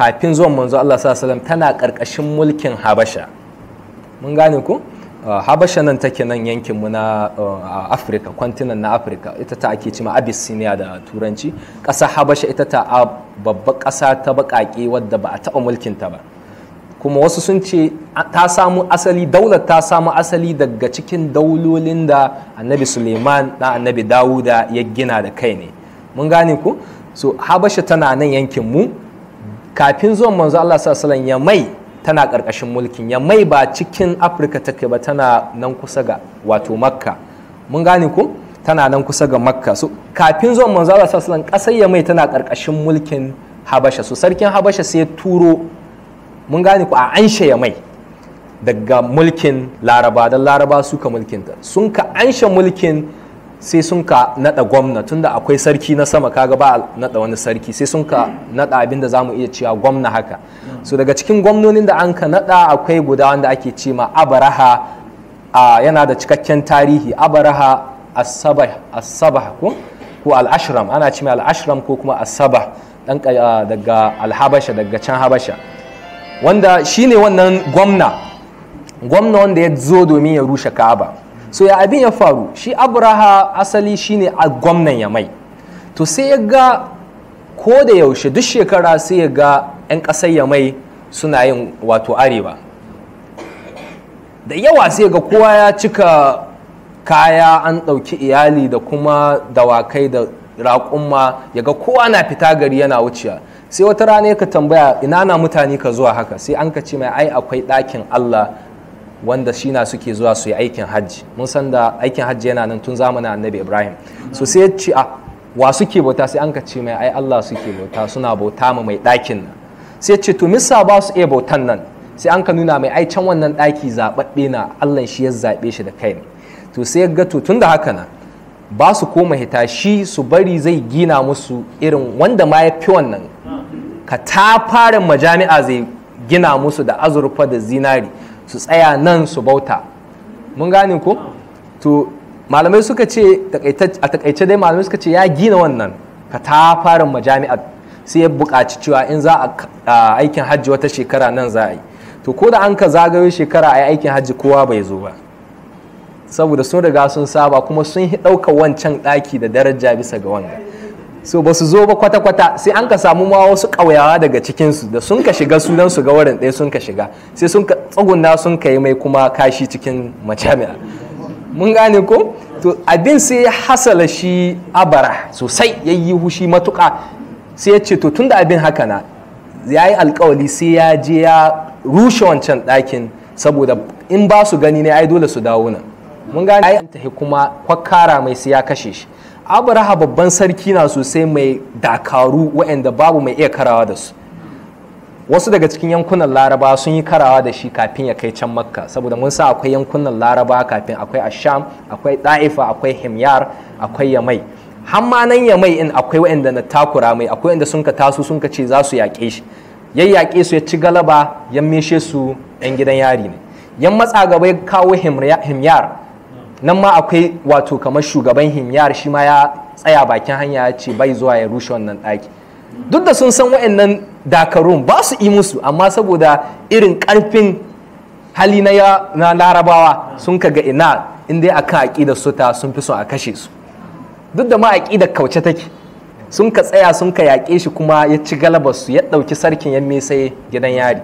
kafin zuwan manzo Allah sallallahu alaihi tana karkashin mulkin Habasha mun gane ku ah, Habasha nan take nan yankin mu na ah, Afirka continent na Afirka ita ta ake cima Abyssinia da turanci ƙasa Habasha ita ta babba ƙasa ta baƙaƙe wadda ba a taɓa mulkin ta ba kuma wasu sun ce ta samu asali daular ta samu asali daga cikin daulolin da annabi suleiman na annabi dawuda ya gina da kai ne mun gane ku so habasha tana nan yankin mu kafin zuwan manzo Allah sallallahu ya mai tana karkashin mulkin ya mai ba cikin afirka take ba tana nan kusa ga wato makka mun gane ku tana nan kusa ga makka so kafin zuwan manzo Allah sallallahu alaihi ya mai tana karkashin mulkin habasha so sarkin habasha sai turo mun gane ku a anshe ya mai daga mulkin laraba dan laraba suka mulkinta sun ka anshe mulkin sai sun ka naɗa gwamna tunda akwai sarki na sama kaga ba naɗa wani sarki sai sun ka naɗa abinda za mu iya cewa gwamna haka so daga cikin gwamnonin da an ka naɗa akwai guda wanda ake ce ma abaraha yana da cikakken tarihi abaraha asabah ko ko al'ashram ana ce mai al'ashram ko kuma asabah dan daga alhabasha daga can habasha wanda shine wannan gwamna gwamna wanda ya zo domin ya rushe ka'aba so ya abin ya faru shi abraha asali shine a gwamnan ya mai to sai ya ga ko da yaushe duk shekara sai ya ga 'yan ƙasar ya mai suna yin wato arewa da yawa sai ga kowa ya cika kaya an ɗauki iyali da kuma dawakai da raƙumma ya ga kowa na fita gari yana wuciya sai wata rana ka tambaya ina na mutane ka zuwa haka sai an ka ce mai ai akwai ɗakin allah wanda shi na suke zuwa su yi aikin hajji mun san da aikin hajji yana nan tun zamanin annabi ibrahim so sai ce a ah, wa suke bauta sai an ka ce mai ai allah suke bauta suna bauta ma mai ɗakin nan sai ce to misa ba su iya bautan nan sai an ka nuna mai ai can wannan ɗaki zaɓaɓɓe na allah shi ya zaɓe shi da kai ne to sai ya ga to tun da haka nan ba su koma hita shi su bari zai gina musu irin wanda ma ya fi wannan ka ta fara majami'a zai gina musu da azurfa da zinari su tsaya nan su bauta mun gane ku to malamai suka ce a takaice dai malamai suka ce ya gina wannan ka ta fara majami'ar sai ya buƙaci cewa in za a aikin hajji wata shekara nan za a yi to ko da an ka zagayo shekara a yi aikin hajji kowa bai zo ba saboda sun riga sun saba kuma sun ɗauka wancan ɗaki da daraja bisa ga wannan so ba su zo ba kwata-kwata sai an ka samu ma wasu ƙauyawa daga cikinsu da sun ka shiga sunan su ga wurin ɗaya sun ka shiga sai sun ka sun ka yi mai kuma kashi cikin majami'a mun gane ko to abin sai ya hasala shi abara sosai ya yi hushi matuƙa sai ya ce to tunda abin haka na ya yi alkawali sai ya je ya rushe wancan ɗakin saboda in ba su gani ne ai dole su dawo nan mun gane ai kuma kwakkara mai sai ya kashe shi abraha babban sarki na sosai mai dakaru waɗanda babu mai iya karawa da su wasu daga cikin yankunan laraba sun yi karawa da shi kafin ya kai can makka saboda mun sa akwai yankunan laraba kafin akwai asham akwai da'ifa akwai himyar akwai yamai hamma nan yamai in akwai waɗanda na takura mai akwai waɗanda sun ka taso sun ka ce za su yaƙe shi ya yaƙe su ya ci galaba ya meshe su 'yan gidan yari ne yan matsa gaba ya kawo himyar nan ma akwai wato kamar shugaban himyar shi ma ya tsaya bakin hanya ya ce bai zuwa ya rushe wannan ɗaki duk da sun san wa'annan dakarun ba su yi musu amma saboda irin karfin hali na larabawa sun ka ga ina in dai akan aƙidar su ta sun fi son a kashe su duk da ma aƙida kauce take sun ka tsaya sun ka yaƙe shi kuma ya ci galabar su ya ɗauki sarkin yan sai gidan yari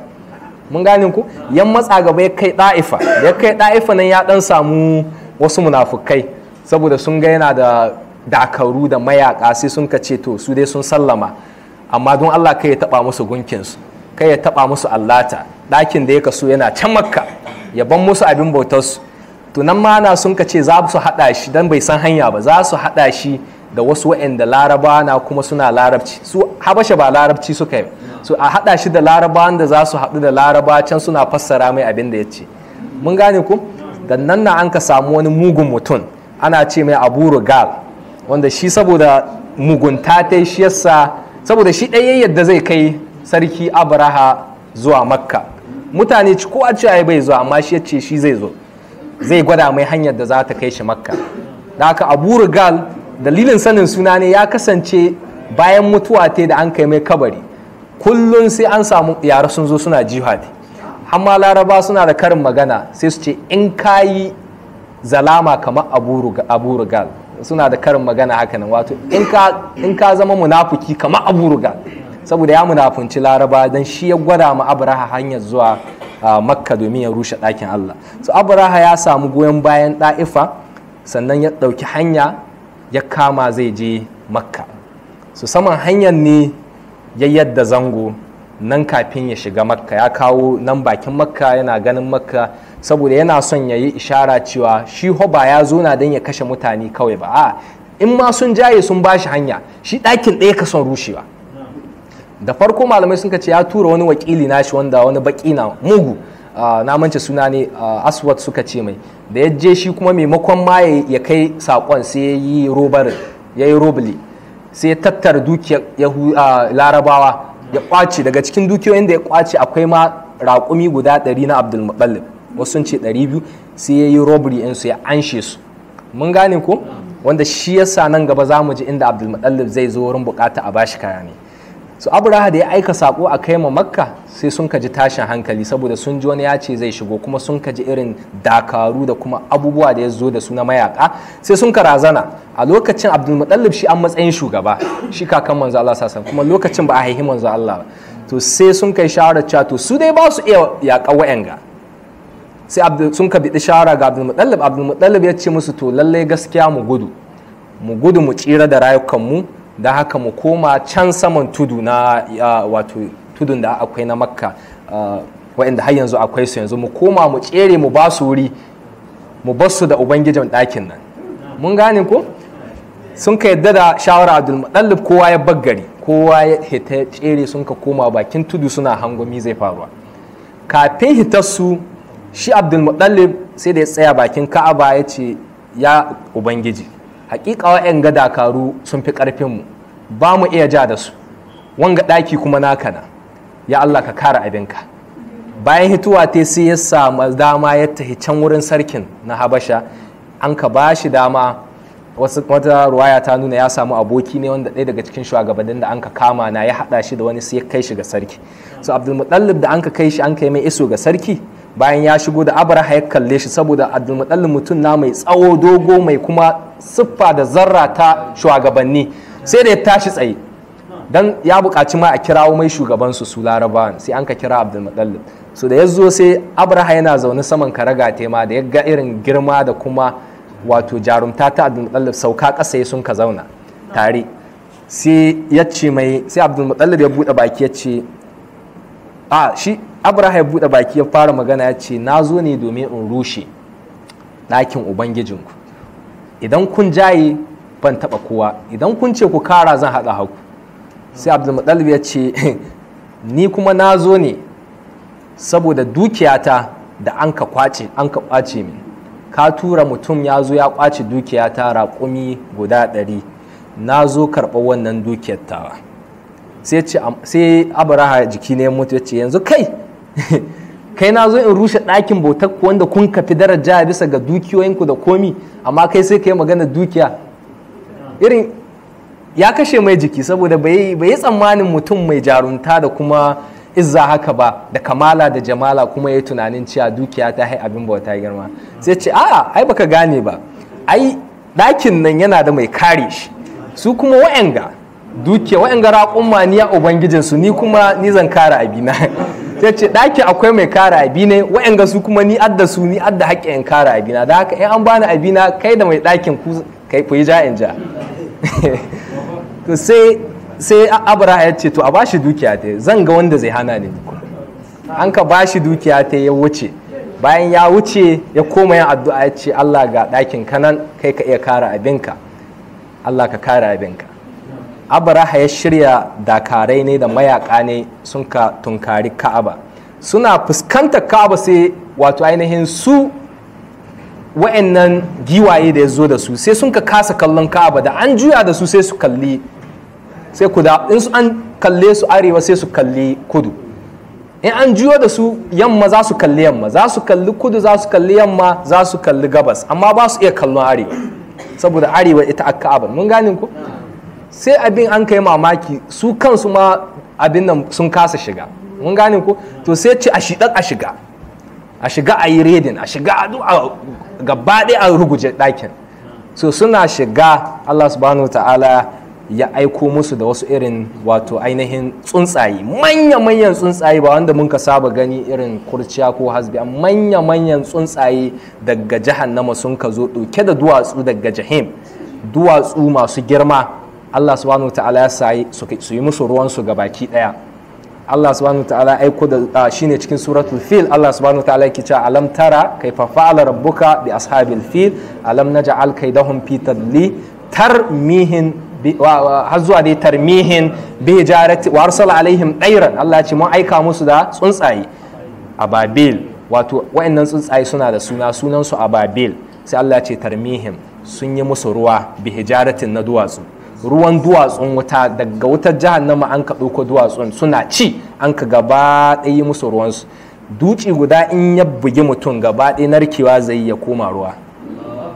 mun gane ku yan matsa gaba ya kai ɗa'ifa ya kai ɗa'ifa nan ya ɗan samu wasu munafukai saboda sun ga yana da dakaru da mayaka sai sun ka ce to su dai sun sallama amma don Allah kai ya taba musu gunkinsu kai ya taba musu allata ɗakin da ya kaso yana can makka ya ban musu abin bautarsu to nan ma na sun ka ce za su haɗa shi dan bai san hanya ba za su haɗa shi da wasu waɗanda laraba na kuma suna larabci su habasha ba larabci suka yi so a haɗa shi da laraba da za su haɗu da laraba can suna fassara mai abin da ya ce mun gane ku da nan na an ka samu wani mugun mutum ana ce mai abu rugal wanda shi saboda mugunta ta shi yasa saboda shi ɗaya yadda zai kai sarki abraha zuwa makka mutane ci ko a ce bai zuwa amma shi yace shi zai zo zai gwada mai hanyar da za ta kai shi makka da haka abu rugal dalilin sanin suna ne ya kasance bayan mutuwa ta da an kai mai kabari kullum sai an samu yara sun zo suna jihadi amma laraba suna da karin magana sai su ce in kayi zalama kamar abu rugal suna da karin magana hakanan wato in ka zama munafuki kamar abu rugal saboda ya munafunci laraba don shi ya gwada ma abraha hanyar zuwa makka domin ya rushe ɗakin allah so abraha ya samu goyon bayan ɗa'ifa sannan ya ɗauki hanya ya kama zai je makka su saman hanyar ne ya yadda zango nan kafin ya shiga makka ya kawo nan bakin makka yana ganin makka saboda yana son ya yi ishara cewa shi hoba ya zo na don ya kashe mutane kawai ba a in ma sun jaye sun ba shi hanya shi ɗakin ɗaya ka son rushewa da farko malamai sun ce ya tura wani wakili na nashi wanda wani baki na mugu na mance suna ne aswat suka ce mai da ya je shi kuma maimakon ma ya kai saƙon sai ya yi robari ya yi robili sai ya tattara dukiyar larabawa ya kwace daga cikin dukiyoyin da ya kwace akwai ma raƙumi guda ɗari na abdulmutallib wasu sun ce ɗari biyu sai ya yi robbery ɗinsu ya anshe su mun gane ko wanda shi yasa nan gaba za mu ji inda abdulmutallib zai zo wurin bukata a bashi kaya ne su abraha da ya aika sako a kai ma makka sai sun kaji tashin hankali saboda sun ji wani ya ce zai shigo kuma sun kaji irin dakaru da kuma abubuwa da ya zo da su na mayaka sai sun razana a lokacin abdulmutallib shi an matsayin shugaba shi kakan manzo Allah sasan kuma lokacin ba a haihi manzo Allah to sai sun kai shawarar cewa to su dai ba su iya yaƙa wa'anga sai sun ka biɗi shawara ga abdulmutallib abdulmutallib ya ce musu to lallai gaskiya mu gudu mu gudu mu tsira da rayukanmu da haka mu koma can saman tudu na wato tudun da akwai na makka ah, waɗanda har yanzu akwai su yanzu mu koma mu tsere mu ba wuri mu bar su da ubangijin ɗakin nan mun gane ko sun ka yadda da shawara abdul mutallib kowa ya baggari kowa ya hita tsere sun ka koma bakin tudu suna hangomi zai faruwa kafin hitarsu shi abdul mutallib sai da ya tsaya bakin ka'aba ya ce ya ubangiji hakika wa'yan ga dakaru sun fi ƙarfinmu ba mu iya ja da su wanga ɗaki kuma naka na ya Allah ka kara abinka bayan hituwa ta sai ya samu dama ya tafi can wurin sarkin na habasha an ka ba shi dama wata ruwaya ta nuna ya samu aboki ne wanda ɗaya daga cikin shugabannin da an ka kama na ya haɗa shi da wani sai ya kai shi ga sarki so abdulmutallib da an ka kai shi an kai mai iso ga sarki bayan ya shigo da abraha ya kalle shi saboda adalmadallin mutum na mai tsawo dogo mai kuma siffa da zarra ta shugabanni sai da ya tashi tsaye don ya buƙaci ma a kirawo mai shugabansu su larabawan sai an ka kira abdulmadallin so da ya zo sai abraha yana zaune saman karaga tema da ya ga irin girma da kuma wato jarumta ta abdulmadallin sauka ƙasa sun ka zauna tare sai ya ce mai sai abdulmadallin ya buɗe baki ya ce a shi abraha ya buɗe baki ya fara magana ya ce na zo ne domin in rushe ɗakin ubangijinku idan kun jaye ban taɓa kowa idan kun ce ku kara zan haɗa haku sai Abdul ya ce ni kuma na zo ne saboda dukiyata da an ka kwace an ka kwace min ka tura mutum ya zo ya kwace dukiyata raƙumi guda ɗari na zo karɓar wannan dukiyar tawa sai abraha jiki ne mutu ya ce yanzu kai kai na zo in rushe ɗakin bautar ku wanda kun kafi daraja bisa ga dukiyoyinku da komi amma kai sai ka yi magana dukiya irin ya kashe mai jiki saboda bai yi tsammanin mutum mai jarunta da kuma izza haka ba da kamala da jamala kuma ya tunanin cewa dukiya ta hai abin bauta girma sai ce a'a ai baka gane ba ai ɗakin nan yana da mai kare shi su kuma wa'anga dukiya wa'in gara kuma ni a ubangijinsu ni kuma ni zan kara abina ya ce ɗaki akwai mai kara abi ne wa'in ga su kuma ni adda su ni adda haƙƙi in kara abina da haka in an bani abina kai da mai ɗakin ku kai ku yi ja in ja to sai sai abraha ya ce to a bashi dukiya ta zan ga wanda zai hana ni an ka bashi dukiya ta ya wuce bayan ya wuce ya koma yin addu'a ya ce Allah ga ɗakin kanan kai ka iya kara abinka Allah ka kara abinka abaraha ya shirya dakarai ne da mayaka ne sun ka tunkari ka'aba suna fuskantar ka'aba sai wato ainihin su wa'annan giwaye da ya zo da su sai sun ka kasa kallon ka'aba da an juya da su sai su kalli sai kuda in su an kalle su arewa sai su kalli kudu in an juyo da su yamma za su kalli yamma za su kalli kudu za su kalli yamma za su kalli gabas amma ba su iya kallon arewa saboda arewa ita a ka'aba mun gane ku sai abin an kai mamaki su kansu ma abin nan sun kasa shiga mun gane ko to sai ce a shidan a shiga a shiga a yi redin a shiga a gaba a ruguje dakin so suna shiga allah subhanahu ta'ala ya aiko musu da wasu irin wato ainihin tsuntsaye manya-manyan tsuntsaye ba wanda mun ka saba gani irin kurciya ko hasbi manya-manyan tsuntsaye daga jahannama sun ka zo doke da duwatsu daga jahim duwatsu masu girma Allah subhanahu ta'ala ya sayi su yi musu ruwan su baki daya Allah subhanahu ta'ala aiko da shine cikin suratul fil Allah subhanahu ta'ala yake cewa alam tara kaifa fa'ala rabbuka bi ashabil fil alam naj'al kaidahum fi tadli tarmihin har zuwa dai tarmihin bi jarati wa arsala alaihim dairan Allah ce mun aika musu da tsuntsaye A ababil wato wayannan tsuntsaye suna da suna sunansu su ababil sai Allah ce tarmihin sun yi musu ruwa bi hijaratin na duwatsu ruwan duwatsun wuta daga wutar jahannama an ka ɗauko duwatsun suna ci an ka gaba ɗaya musu ruwansu duci guda in ya bugi mutum gaba ɗaya narkewa zai ya koma ruwa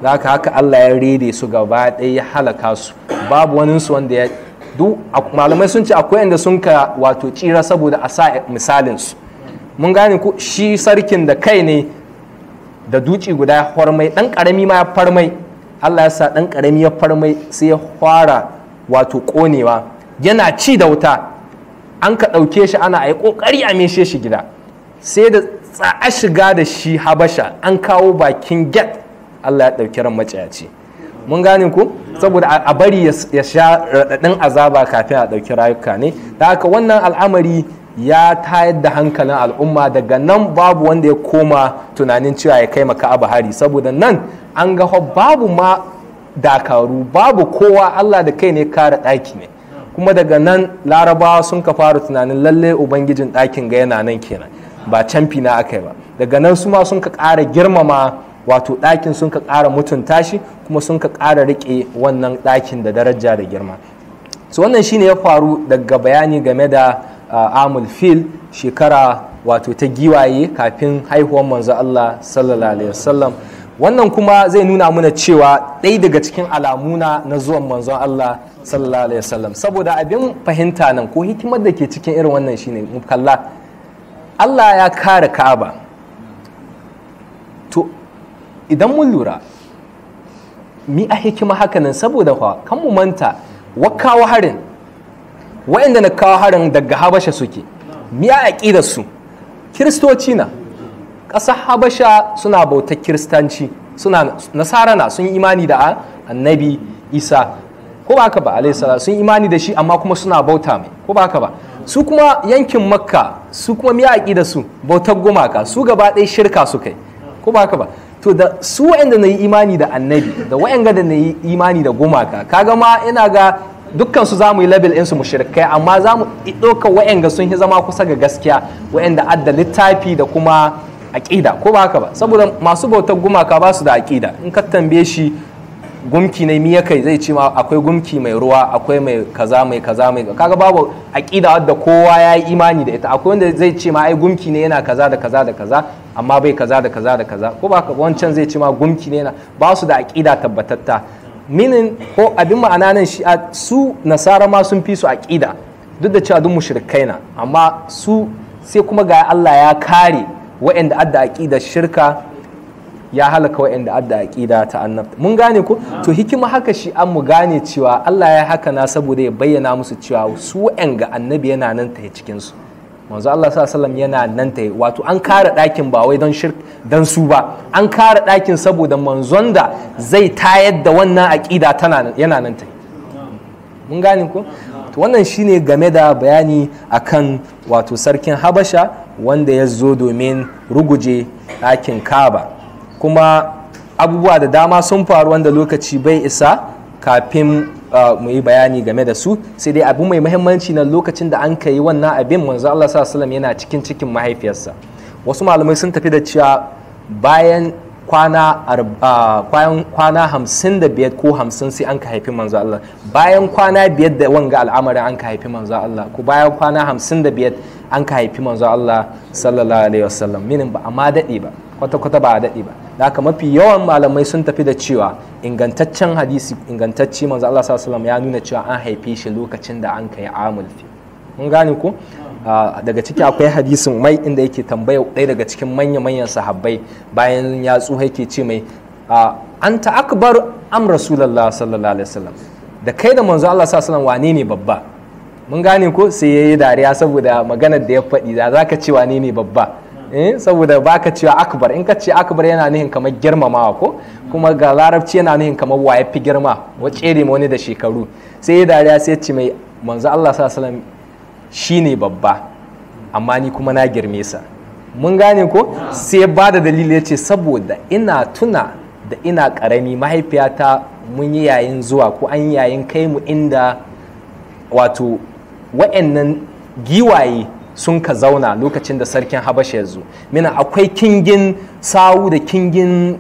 za ka haka Allah ya rede su gaba ɗaya ya halaka su babu waninsu wanda ya malamai sun ce akwai inda sun ka wato tsira saboda a sa misalin su mun gane ku shi sarkin da kai ne da duci guda ya farmai ɗan ƙarami ma ya farmai Allah ya sa ɗan ƙarami ya farmai sai ya fara wato ƙonewa yana ci da wuta an ka ɗauke shi ana ai ƙoƙari a meshe shi gida sai da tsa'a shiga da shi habasha an kawo bakin get Allah ya ɗauki ran maciyaci mun gane ku saboda a bari ya sha raɗaɗin azaba kafin a ɗauki rayuka ne da haka wannan al'amari ya tayar da hankalin al'umma daga nan babu wanda ya koma tunanin cewa ya kai maka abu hari saboda nan an ga babu ma dakaru babu kowa allah da kai ne kare ɗaki ne kuma daga nan larabawa sun ka fara tunanin lalle ubangijin ɗakin ga yana nan kenan ba canfi na aka yi ba daga nan su ma sun ka ƙara girmama wato ɗakin sun ka ƙara mutunta shi kuma sun ka ƙara riƙe wannan ɗakin da daraja da girma so wannan shine ya faru daga bayani game da Uh, amul fil shekara wato ta giwaye kafin haihuwar manzo Allah sallallahu alaihi wasallam wannan kuma zai nuna mana cewa ɗaya daga cikin alamuna na zuwan manzon Allah sallallahu alaihi wasallam saboda abin fahimta nan ko hikimar da ke cikin irin wannan shine mu kalla Allah ya kare Ka'aba to idan mun lura mi a hikima hakanan saboda kwa kan mu manta wakawa harin waɗanda na kawo harin daga habasha suke miya ƙidar su kiristoci na ƙasar habasha suna bautar kiristanci suna nasara na sun imani da annabi isa ko ba ka ba alaihissala sun imani da shi amma kuma suna bauta mai ko ba ka ba su kuma yankin makka su kuma miya ƙidar su bautar gumaka su gaba ɗaya shirka su kai ko ba ka ba to da su waɗanda na yi imani da annabi da waɗanda da na yi imani da gumaka kaga ma ina ga dukkan su zamu yi label ɗinsu mushrikai amma zamu ɗauka wayanga sun yi zama kusa ga gaskiya wa'anda adda littafi da kuma aƙida ko ba haka ba saboda masu bautar gumaka ba su da aƙida in ka tambaye shi gumki ne miya kai zai ce akwai gumki mai ruwa akwai mai kaza mai kaza mai kaga babu aƙida wadda kowa ya yi imani da ita akwai wanda zai ce ma ai gumki ne yana kaza da kaza da kaza amma bai kaza da kaza da kaza ko ba haka wancan zai ce ma gumki ne yana ba su da aƙida tabbatatta minin ko abin ma'ana nan shi a su nasara ma sun fi su aƙida duk da cewa duk mushrikai na amma su sai kuma ga Allah ya kare wa'anda adda aƙida shirka ya halaka wa'anda adda aƙida ta annabta mun gane ko to hikima haka shi an mu gane cewa Allah ya haka na saboda ya bayyana musu cewa su wa'anga annabi yana nan ta cikin su manzo Allah sallallahu yana nan ta wato an kare ɗakin ba wai don shirk don su ba an kara ɗakin saboda manzon da zai tayar da wannan aƙida tana yana nan ta mun gane ko to wannan shine game da bayani akan wato sarkin habasha wanda ya zo domin ruguje ɗakin kaba kuma abubuwa da dama sun faru wanda lokaci bai isa kafin mu yi bayani game da su sai dai abu mai muhimmanci na lokacin da an kai wannan abin manzo Allah sallallahu yana cikin cikin mahaifiyarsa wasu malamai sun tafi da cewa bayan kwana kwana hamsin da biyar ko hamsin sai an ka haifi manzo Allah bayan kwana biyar da wanga al'amarin an ka haifi manzo Allah ko bayan kwana hamsin da biyar an ka haifi manzo Allah sallallahu alaihi wasallam minin ba amma daɗe ba kwata-kwata ba a daɗe ba haka mafi yawan malamai sun tafi da cewa ingantaccen hadisi ingantacci manzo Allah sallallahu ya nuna cewa an haife shi lokacin da an kai amul fi mun gane ko daga ciki akwai hadisin mai inda yake tambaya ɗaya daga cikin manya-manyan sahabbai bayan ya tsuha yake ce mai an akbar am rasulullah sallallahu alaihi wasallam da kai da manzo Allah sallallahu alaihi wane ne babba mun gane ko sai yayi dariya saboda maganar da ya faɗi da zaka ce wane ne babba eh saboda baka cewa akbar in ka ce akbar yana nihin kamar girmamawa ko kuma ga larabci yana nihin kamar ya fi girma wace wani da shekaru sai ya dariya sai ce mai manzo Allah sallallahu alaihi shine babba amma ni kuma na girme sa mun gane ko sai ba da dalili ya ce saboda ina tuna da ina karami mahaifiyata mun yi yayin zuwa ko an yayin kai mu inda wato wa'annan giwaye sun ka zauna lokacin da sarkin habasha ya zo mina akwai kingin sawu da kingin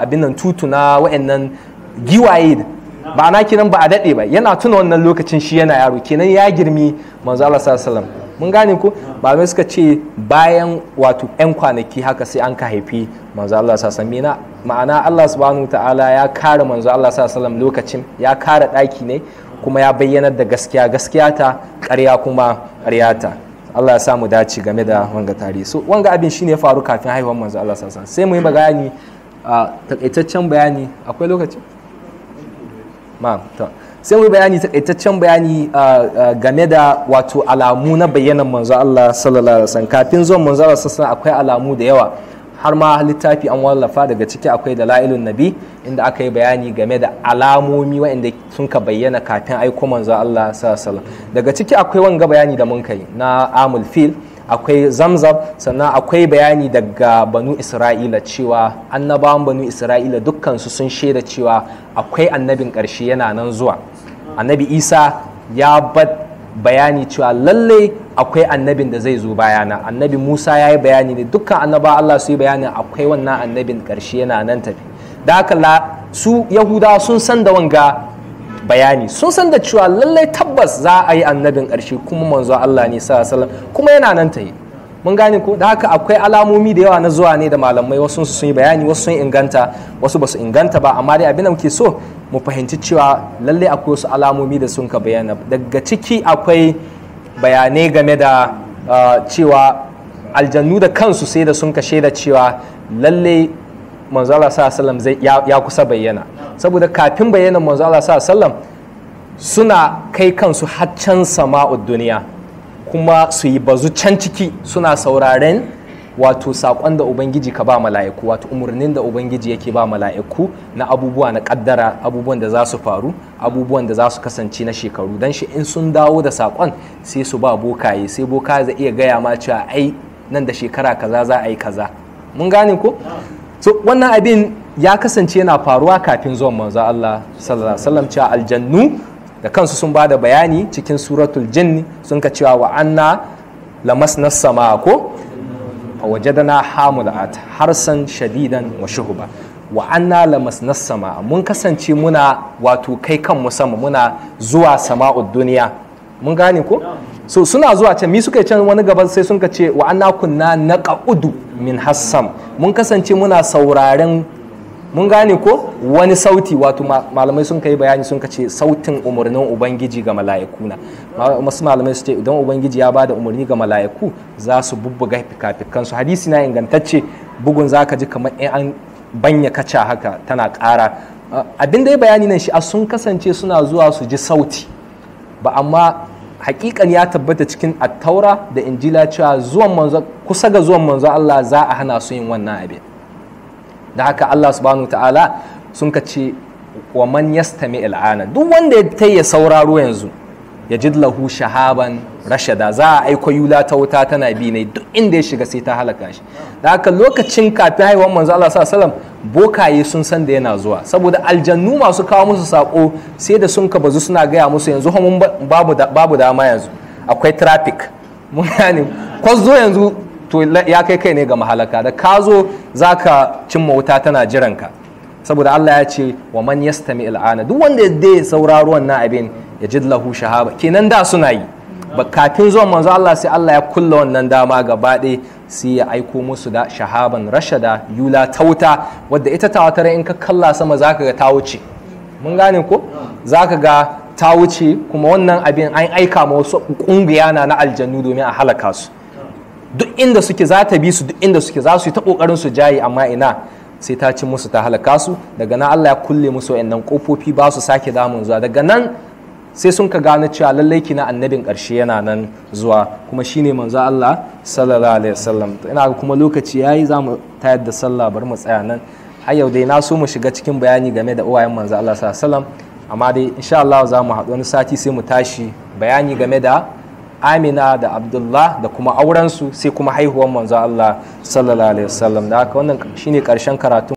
abinan tutu wa'annan giwaye ba na kinan ba a daɗe ba yana tuna wannan lokacin shi yana yaro kenan ya girmi manzo Allah sallallahu mun gane ko mai suka ce bayan wato yan kwanaki haka sai an ka haifi manzo Allah sallallahu alaihi ma'ana Allah subhanahu ta'ala ya kare manzo Allah sallallahu lokacin ya kare daki ne kuma ya bayyanar da gaskiya gaskiya ta ƙarya kuma ƙarya ta Allah ya sa mu dace game da wanga tarihi so wanga abin shine ya faru kafin haihuwar manzo Allah sa san sai mu yi bayani a takaitaccen bayani akwai lokaci ma'am to sai mu yi bayani takaitaccen bayani game da wato alamu na bayyanan manzo Allah sallallahu alaihi wasallam kafin zuwan manzo Allah sallallahu alaihi wasallam akwai alamu da yawa har ma littafi an wallafa daga ciki akwai da nabi inda aka yi bayani game da alamomi waɗanda sun ka bayyana kafin aiko manzo Allah sallallahu daga ciki akwai wanga bayani da mun kai na amul fil akwai zamzam sannan akwai bayani daga banu isra'ila cewa annabawan banu isra'ila dukkansu sun shaida cewa akwai annabin ƙarshe yana nan zuwa annabi isa ya bar bayani cewa lallai akwai annabin da zai zo bayana annabi musa ya yi bayani ne dukkan annaba allah su yi bayanin akwai wannan annabin ƙarshe yana nan tafi da la su yahudawa sun san da wanga bayani sun san da cewa lallai tabbas za a yi annabin ƙarshe kuma manzo Allah ne sallallahu kuma yana nan ta yi mun gane ko da haka akwai alamomi da yawa na zuwa ne da malamai wasu sun yi bayani wasu sun inganta wasu basu inganta ba amma dai abin da muke so mu fahimci cewa lallai akwai wasu alamomi da sun ka bayana daga ciki akwai bayanai game da ah, cewa aljannu da kansu sai da sun ka shaida cewa lallai manzo Allah sallam zai ya kusa bayyana saboda kafin bayyanan manzo Allah sallam suna kai kansu har haccan sama'ud duniya kuma su yi bazu can ciki suna sauraren wato saƙon da ubangiji ka ba mala'iku wato umarnin da ubangiji yake ba mala'iku na abubuwa na kaddara abubuwan da za su faru abubuwan da za su kasance na shekaru dan shi in sun dawo da saƙon sai su ba bokaye sai boka zai iya gaya ma cewa ai nan da shekara kaza za a yi kaza mun gane ko so wannan abin ya kasance yana faruwa kafin zuwan manzo Allah sallallahu alaihi wasallam cewa aljannu da kansu sun bada bayani cikin suratul jinni sun ka cewa wa anna lamasna sama ko wajadana hamulat harsan shadidan wa shuhuba wa anna lamasna sama mun kasance muna wato kai kan musamman muna zuwa sama'ud duniya mun gane ko so suna zuwa can mi suka yi can wani gaba sai sun ce wa anna kunna naqa'udu min hassam mun kasance muna sauraren mun gane ko wani sauti wato malamai sun kai bayani sun ce sautin umarnin ubangiji ga mala'iku na malamai su ce idan ubangiji ya bada umarni ga mala'iku za su bubbuga fikafikan hadisi na ingantacce bugun za ka ji kamar in an banya kaca haka tana kara abin da ya bayani nan shi a sun kasance suna zuwa su ji sauti ba amma hakikan ya tabbata cikin attaura da injila cewa zuwan manzo kusa ga zuwan manzo Allah za a hana su yin wannan abin da haka Allah subhanahu ta'ala sun kace wa man yastami al'ana duk wanda ya sauraro yanzu ya lahu shahaban rashada za a aiko yula ta wuta tana bi ne duk inda ya shiga sai ta halaka shi da haka lokacin kafin haihuwar manzo Allah sallallahu bokaye sun san da yana zuwa saboda aljannu masu kawo musu sako sai da sun ka bazu suna gaya musu yanzu mun babu babu dama yanzu akwai traffic mun gane zo yanzu to ya kai kai ne ga mahalaka da ka zo zaka cimma wuta tana jiranka saboda Allah ya ce wa man yastami al'ana duk wanda ya sauraro wannan abin ya ji lahu shahaba kenan da suna yi ba kafin zuwan manzo Allah sai Allah ya kulla wannan dama gaba ɗaya sai ya aiko musu da shahaban rashada yula tauta wadda ita ta tawatare in ka kalla sama zaka ga ta wuce mun gane ko zaka ga ta wuce kuma wannan abin an aika ma wasu kungiya na na aljannu domin a halaka su duk inda suke za ta bi su duk inda suke za su yi ta kokarin su jayi amma ina sai ta ci musu ta halaka su daga nan Allah ya kulle musu wayannan kofofi ba su sake damun zuwa daga nan sai sun ka gane cewa lallai kina annabin ƙarshe yana nan zuwa kuma shine manzo Allah sallallahu alaihi wasallam ina ga kuma lokaci yayi za mu tayar da sallah bari mu tsaya nan har yau dai na so mu shiga cikin bayani game da uwayen manzo Allah sallallahu alaihi wasallam amma dai insha Allah za mu haɗu wani sati sai mu tashi bayani game da Amina da Abdullah da kuma aurensu sai kuma haihuwar manzo Allah sallallahu alaihi wasallam da haka wannan shine karshen karatun